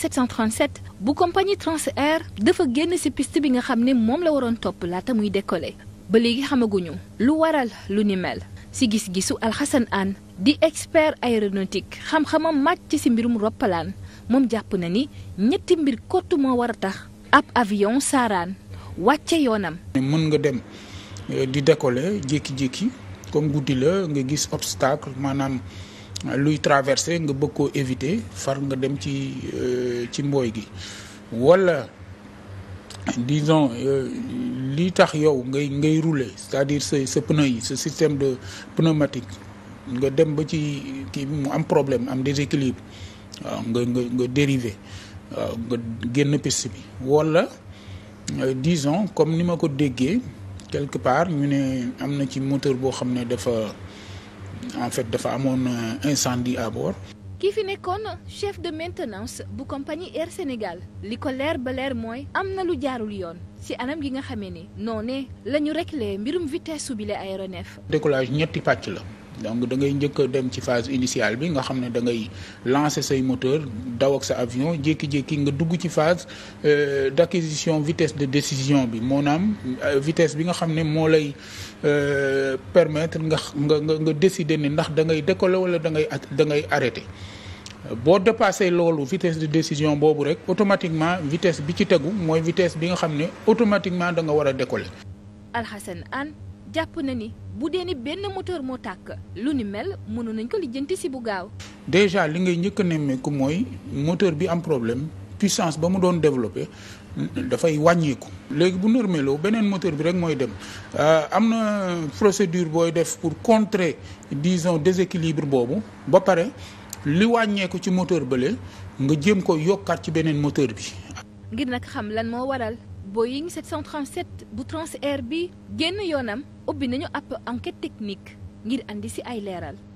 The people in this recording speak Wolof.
1737 bu compagnie Transair dafa génn ci piste bi nga xam ne moom la waroon topp laata muy décoller ba léegi xamaguñu lu waral lu ni mel ci gis-gisu Alxasan Aan di expert aéronautique xam-xamam màcc ci mbirum roppalaan moom jàpp na ni ñetti mbir kott moo war a tax ab avion saaraan wàcce yoonam. mën nga dem eh, di décoller jékki-jékki comme guddi la nga gis obstacle maanaam. luy traversé nga bëgg koo éviter far nga dem ci euh, ci mbooy gi wala disons euh, li tax yow ngay ngay rouler c'est-à-dire sa sa pneu yi sa système de pneumatique nga dem ba ci kii mu am problème am déséquilibre waaw nga nga nga dérivé waaw nga génn piste bi wala euh, disons comme ni ma ko déggee quelque part ñu ne am na ci moteur boo xam ne dafa en fait dafa amoon euh, incendie à bord. ki fi nekkoon chef de maintenance bu compagnie Air Sénégal li ko leer ba leer mooy am na lu jaarul yoon ci anam gi nga xamee ni noonee la ñu réglé mbirum vitesse su bile aéronef. décolage ñetti pàcc la. donc da ngay njëkk dem ci phase initiale bi nga xam ne da ngay lancer say moteur daw ak sa avion jékki-jékki nga dugg ci phase euh, d' acquisition vitesse de décision bi moonaam naam euh, vitesse bi nga xam ne moo lay. Euh, permettre nga nga nga décider ni ndax da ngay décoller wala da ngay da ngay arrêter boo dépassé loolu vitesse de décision boobu rek automatiquement vitesse bi ci tegu mooy vitesse bi nga xam ne automatiquement danga nga war a décoller. Alhassane Anne jàpp na ni bu dee ni benn moteur moo tàkk lu ni mel mënu nañ ko lijjanti si bu gaaw. déjà li ngay njëkk a nemmeeku mooy moteur bi am problème. puissance ba mu doon développé dafay wàññeeku. léegi bu norméloo beneen moteur bi rek mooy dem euh, am na procédure booy def pour contre contrer disons déséquilibre boobu ba pare li wàññeeku ci moteur bële nga jéem ko yokkaat ci beneen moteur bi. ngir nag xam lan moo waral Boeing 737 bu Transair bi génn yoonam ubbi nañu ab enquête technique ngir andi si ay leeral.